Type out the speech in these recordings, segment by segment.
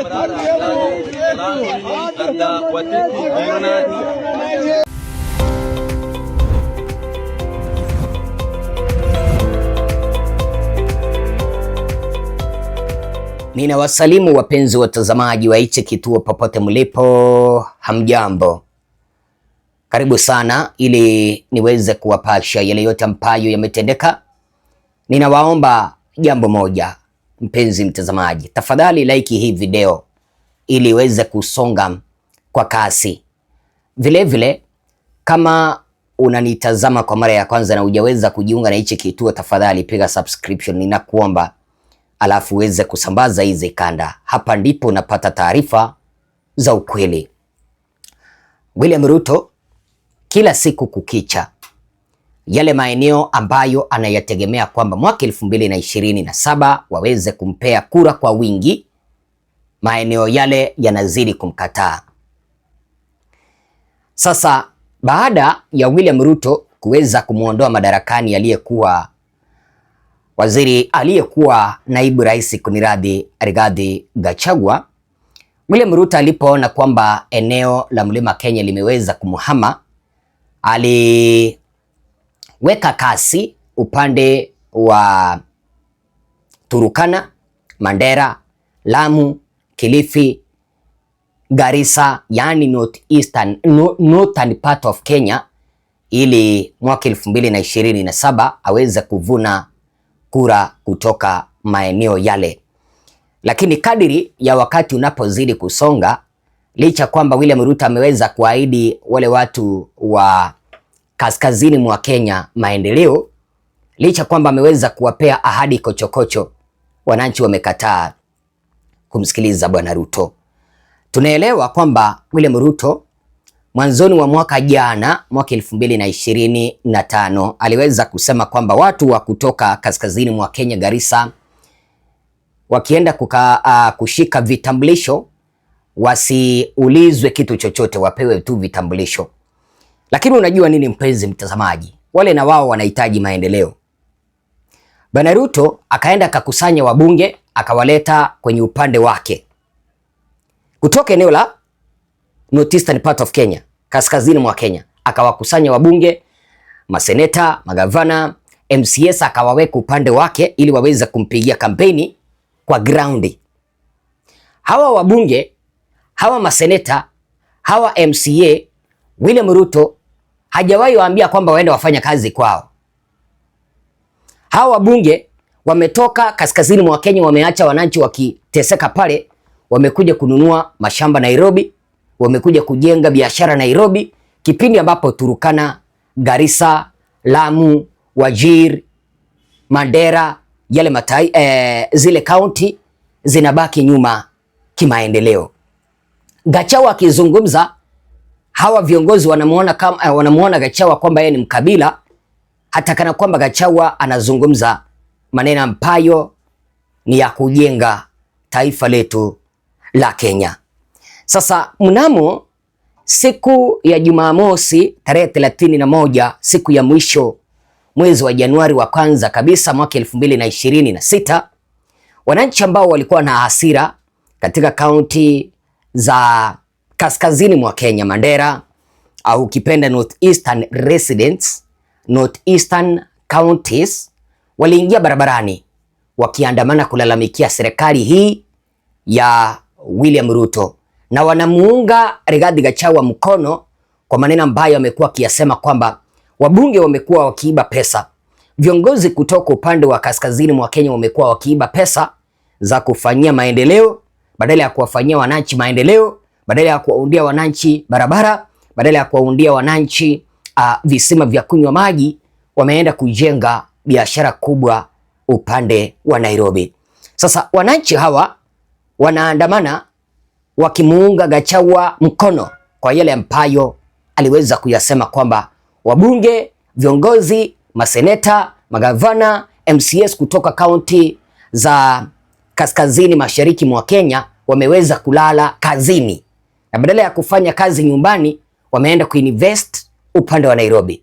Nina Ninawasalimu wapenzi watazamaji wa hichi kituo popote mlipo, hamjambo? Karibu sana ili niweze kuwapasha yale yote ambayo yametendeka. Ninawaomba jambo moja, mpenzi mtazamaji, tafadhali like hii video ili iweze kusonga kwa kasi. Vilevile vile, kama unanitazama kwa mara ya kwanza na hujaweza kujiunga na hichi kituo, tafadhali piga subscription ninakuomba, alafu uweze kusambaza hizi kanda. Hapa ndipo unapata taarifa za ukweli. William Ruto kila siku kukicha yale maeneo ambayo anayategemea kwamba mwaka elfu mbili na ishirini na saba waweze kumpea kura kwa wingi, maeneo yale yanazidi kumkataa. Sasa baada ya William Ruto kuweza kumwondoa madarakani aliyekuwa waziri aliyekuwa naibu rais Kuniradhi Rigathi Gachagua, William Ruto alipoona kwamba eneo la Mlima Kenya limeweza kumuhama ali Weka kasi upande wa Turukana, Mandera, Lamu, Kilifi, Garissa, yani north eastern, northern part of Kenya ili mwaka elfu mbili na ishirini na saba aweze kuvuna kura kutoka maeneo yale. Lakini kadiri ya wakati unapozidi kusonga, licha kwamba William Ruto ameweza kuahidi wale watu wa kaskazini mwa Kenya maendeleo, licha kwamba ameweza kuwapea ahadi kochokocho, wananchi wamekataa kumsikiliza bwana Ruto. Tunaelewa kwamba William Ruto mwanzoni wa mwaka jana, mwaka elfu mbili na ishirini na tano aliweza kusema kwamba watu wa kutoka kaskazini mwa Kenya, Garissa, wakienda kuka, uh, kushika vitambulisho wasiulizwe kitu chochote, wapewe tu vitambulisho. Lakini unajua nini mpenzi mtazamaji, wale na wao wanahitaji maendeleo. Bwana Ruto akaenda akakusanya wabunge akawaleta kwenye upande wake kutoka eneo la Northeastern part of Kenya, kaskazini mwa Kenya, akawakusanya wabunge, maseneta, magavana, MCS akawaweka upande wake ili waweze kumpigia kampeni kwa ground. Hawa wabunge, hawa maseneta, hawa MCA William Ruto hajawahi waambia kwamba waende wafanya kazi kwao. Hawa wabunge wametoka kaskazini mwa Kenya, wameacha wananchi wakiteseka pale, wamekuja kununua mashamba Nairobi, wamekuja kujenga biashara Nairobi, kipindi ambapo Turukana, Garissa, Lamu, Wajir, Mandera yale matai, eh, zile kaunti zinabaki nyuma kimaendeleo. gachau akizungumza hawa viongozi wanamuona kama eh, wanamuona Gachagua kwamba yeye ni mkabila, hata kana kwamba Gachagua anazungumza maneno ambayo ni ya kujenga taifa letu la Kenya. Sasa mnamo siku ya Jumamosi tarehe thelathini na moja, siku ya mwisho mwezi wa Januari wa kwanza kabisa mwaka elfu mbili na ishirini na sita, wananchi ambao walikuwa na hasira katika kaunti za kaskazini mwa Kenya Mandera, au ukipenda northeastern residents, northeastern counties waliingia barabarani wakiandamana kulalamikia serikali hii ya William Ruto na wanamuunga Rigathi Gachagua mkono kwa maneno ambayo amekuwa akiyasema kwamba wabunge wamekuwa wakiiba pesa, viongozi kutoka upande wa kaskazini mwa Kenya wamekuwa wakiiba pesa za kufanyia maendeleo badala ya kuwafanyia wananchi maendeleo badala ya kuwaundia wananchi barabara, badala ya kuwaundia wananchi uh, visima vya kunywa maji, wameenda kujenga biashara kubwa upande wa Nairobi. Sasa wananchi hawa wanaandamana wakimuunga Gachagua mkono kwa yale ambayo aliweza kuyasema kwamba wabunge, viongozi, maseneta, magavana, MCS kutoka kaunti za kaskazini mashariki mwa Kenya wameweza kulala kazini na badala ya kufanya kazi nyumbani wameenda kuinvest upande wa Nairobi.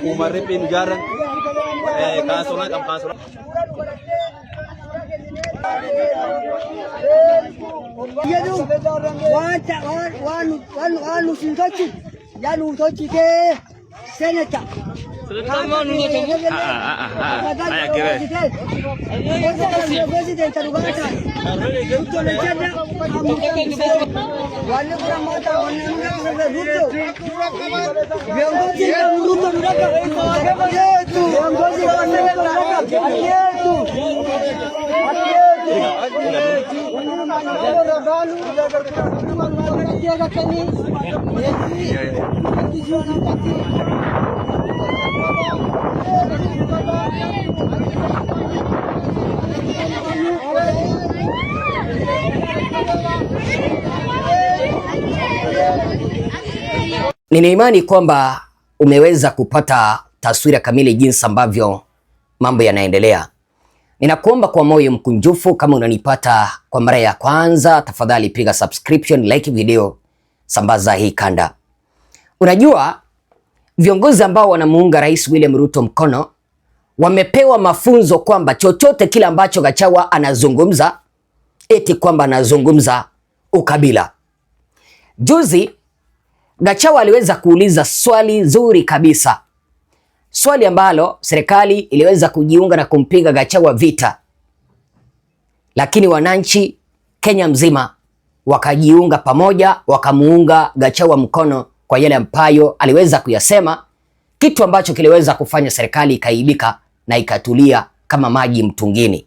umarip ingaran. Eh, kaso na, kam kaso na. Yadu, wan wan wan ya ke Ah ah ah Olha వాళ్ళు కూడా మాట Thank you. Nina imani kwamba umeweza kupata taswira kamili jinsi ambavyo mambo yanaendelea. Ninakuomba kwa moyo mkunjufu, kama unanipata kwa mara ya kwanza, tafadhali piga subscription, like video, sambaza hii kanda. Unajua, viongozi ambao wanamuunga Rais William Ruto mkono wamepewa mafunzo kwamba chochote kile ambacho Gachagua anazungumza eti kwamba anazungumza ukabila. Juzi Gachagua aliweza kuuliza swali zuri kabisa, swali ambalo serikali iliweza kujiunga na kumpiga Gachagua vita, lakini wananchi Kenya mzima wakajiunga pamoja, wakamuunga Gachagua mkono kwa yale ambayo aliweza kuyasema, kitu ambacho kiliweza kufanya serikali ikaibika na ikatulia kama maji mtungini.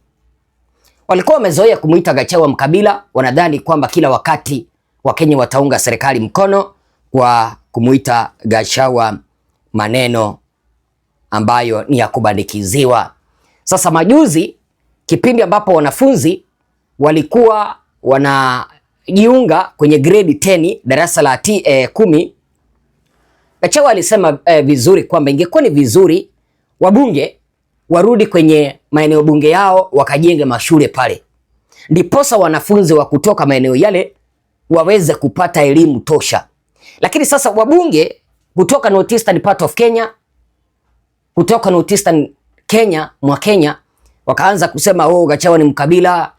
Walikuwa wamezoea kumuita Gachagua mkabila, wanadhani kwamba kila wakati Wakenya wataunga serikali mkono kwa kumuita Gachagua maneno ambayo ni ya kubandikiziwa. Sasa majuzi, kipindi ambapo wanafunzi walikuwa wanajiunga kwenye grade 10 darasa la t, eh, kumi, Gachagua alisema eh, vizuri kwamba ingekuwa ni vizuri wabunge warudi kwenye maeneo bunge yao wakajenge mashule pale, ndiposa wanafunzi wa kutoka maeneo yale waweze kupata elimu tosha. Lakini sasa wabunge kutoka Northeastern part of Kenya, kutoka Northeastern Kenya mwa Kenya wakaanza kusema oh, Gachagua ni mkabila,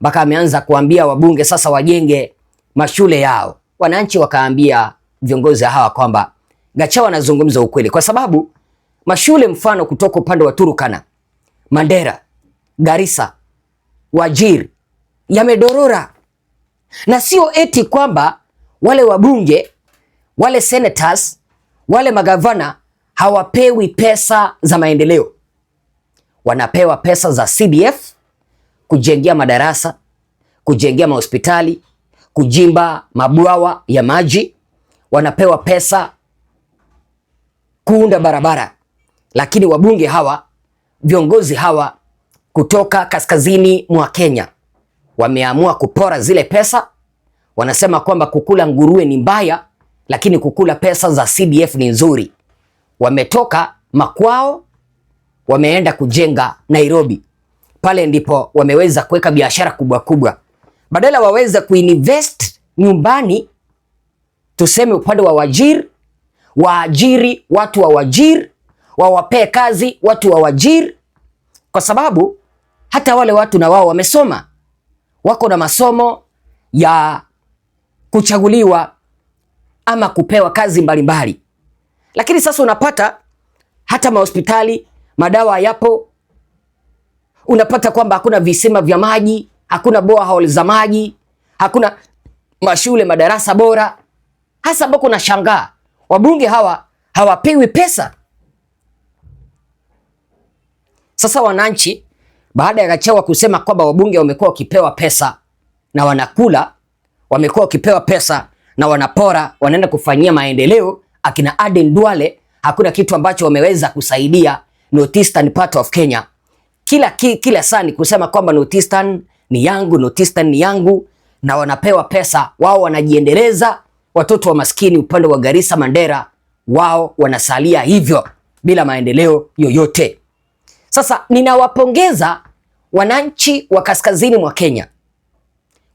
mpaka ameanza kuambia wabunge sasa wajenge mashule yao. Wananchi wakaambia viongozi hawa kwamba Gachagua anazungumza ukweli, kwa sababu mashule mfano kutoka upande wa Turukana, Mandera, Garissa, Wajir yamedorora na sio eti kwamba wale wabunge wale senators wale magavana hawapewi pesa za maendeleo, wanapewa pesa za CDF kujengea madarasa, kujengea mahospitali, kujimba mabwawa ya maji, wanapewa pesa kuunda barabara. Lakini wabunge hawa, viongozi hawa kutoka kaskazini mwa Kenya wameamua kupora zile pesa. Wanasema kwamba kukula nguruwe ni mbaya, lakini kukula pesa za CDF ni nzuri. Wametoka makwao wameenda kujenga Nairobi, pale ndipo wameweza kuweka biashara kubwa kubwa, badala waweza kuinvest nyumbani, tuseme upande wa wajir waajiri watu wa wajir wawapee kazi watu wa wajir kwa sababu hata wale watu na wao wamesoma wako na masomo ya kuchaguliwa ama kupewa kazi mbalimbali mbali. Lakini sasa unapata hata mahospitali madawa yapo, unapata kwamba hakuna visima vya maji, hakuna borehole za maji, hakuna mashule madarasa bora, hasa ambako unashangaa wabunge hawa hawapewi pesa. Sasa wananchi baada ya Rachawa kusema kwamba wabunge wamekuwa wakipewa pesa na wanakula, wamekuwa wakipewa pesa na wanapora, wanaenda kufanyia maendeleo akina Aden Duale, hakuna kitu ambacho wameweza kusaidia North Eastern part of Kenya. Kila, ki, kila saa ni kusema kwamba North Eastern ni yangu, North Eastern ni yangu, na wanapewa pesa wao, wanajiendeleza. Watoto wa maskini upande wa Garissa, Mandera, wao wanasalia hivyo bila maendeleo yoyote. Sasa ninawapongeza wananchi wa kaskazini mwa Kenya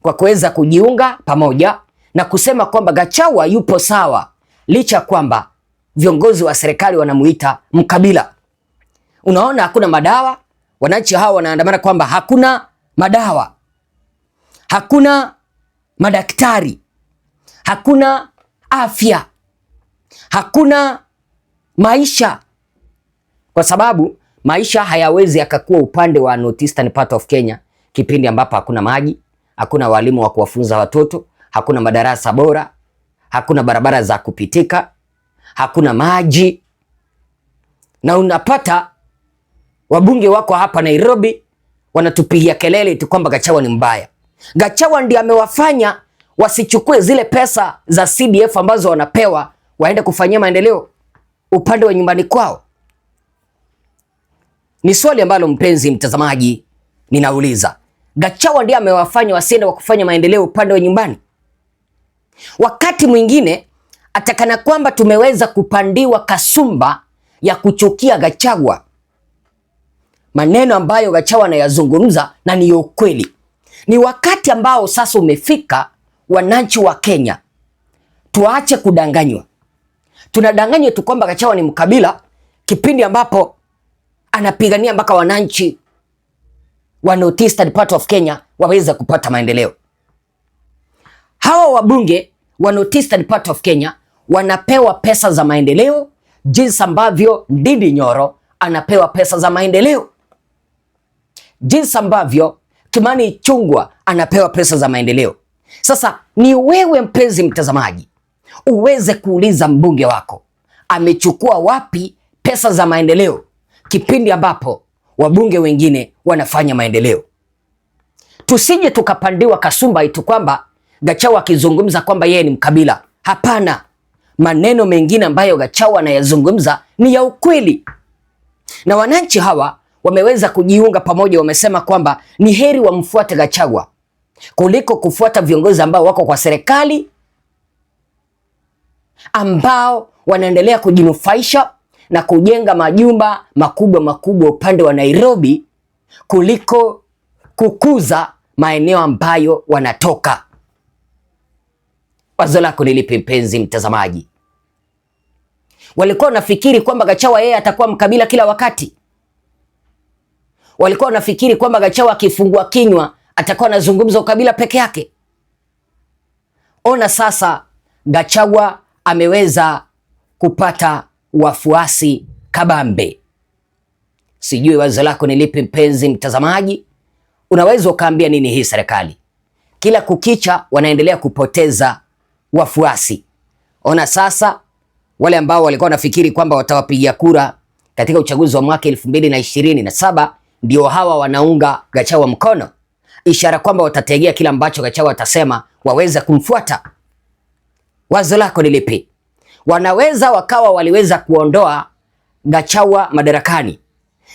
kwa kuweza kujiunga pamoja na kusema kwamba Gachagua yupo sawa, licha ya kwamba viongozi wa serikali wanamuita mkabila. Unaona, hakuna madawa. Wananchi hawa wanaandamana kwamba hakuna madawa, hakuna madaktari, hakuna afya, hakuna maisha, kwa sababu Maisha hayawezi akakuwa upande wa North Eastern part of Kenya kipindi ambapo hakuna maji, hakuna walimu wa kuwafunza watoto, hakuna madarasa bora, hakuna barabara za kupitika, hakuna maji, na unapata wabunge wako hapa Nairobi wanatupigia kelele tu kwamba Gachagua ni mbaya. Gachagua ndiye amewafanya wasichukue zile pesa za CDF ambazo wanapewa waende kufanyia maendeleo upande wa nyumbani kwao. Ni swali ambalo mpenzi mtazamaji, ninauliza Gachawa ndiye amewafanya wasenda wa kufanya maendeleo upande wa nyumbani. Wakati mwingine atakana kwamba tumeweza kupandiwa kasumba ya kuchukia Gachawa, maneno ambayo Gachawa anayazungumza na ni ukweli. Ni wakati ambao sasa umefika, wananchi wa Kenya tuache kudanganywa. Tunadanganywa tu kwamba Gachawa ni mkabila, kipindi ambapo anapigania mpaka wananchi wa North part of Kenya waweze kupata maendeleo. Hawa wabunge wa North part of Kenya wanapewa pesa za maendeleo, jinsi ambavyo Ndindi Nyoro anapewa pesa za maendeleo, jinsi ambavyo Kimani Chungwa anapewa pesa za maendeleo. Sasa ni wewe mpenzi mtazamaji, uweze kuuliza mbunge wako amechukua wapi pesa za maendeleo kipindi ambapo wabunge wengine wanafanya maendeleo. Tusije tukapandiwa kasumba itu kwamba Gachagua akizungumza kwamba yeye ni mkabila. Hapana, maneno mengine ambayo Gachagua anayazungumza ni ya ukweli, na wananchi hawa wameweza kujiunga pamoja, wamesema kwamba ni heri wamfuate Gachagua kuliko kufuata viongozi ambao wako kwa serikali ambao wanaendelea kujinufaisha na kujenga majumba makubwa makubwa upande wa Nairobi kuliko kukuza maeneo ambayo wanatoka. Wazo lako ni lipi, mpenzi mtazamaji? Walikuwa wanafikiri kwamba Gachagua yeye atakuwa mkabila kila wakati. Walikuwa wanafikiri kwamba Gachagua akifungua kinywa atakuwa anazungumza ukabila peke yake. Ona sasa Gachagua ameweza kupata wafuasi kabambe. Sijui wazo lako ni lipi, mpenzi mtazamaji? Unaweza ukaambia nini hii serikali? Kila kukicha wanaendelea kupoteza wafuasi. Ona sasa, wale ambao walikuwa wanafikiri kwamba watawapigia kura katika uchaguzi wa mwaka elfu mbili na ishirini na saba ndio hawa wanaunga Gachagua mkono, ishara kwamba watategea kila ambacho Gachagua atasema waweze kumfuata. Wazo lako ni lipi? wanaweza wakawa waliweza kuondoa Gachagua madarakani,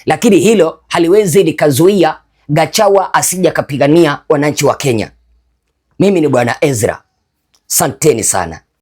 lakini hilo haliwezi likazuia Gachagua asija kapigania wananchi wa Kenya. Mimi ni Bwana Ezra, santeni sana.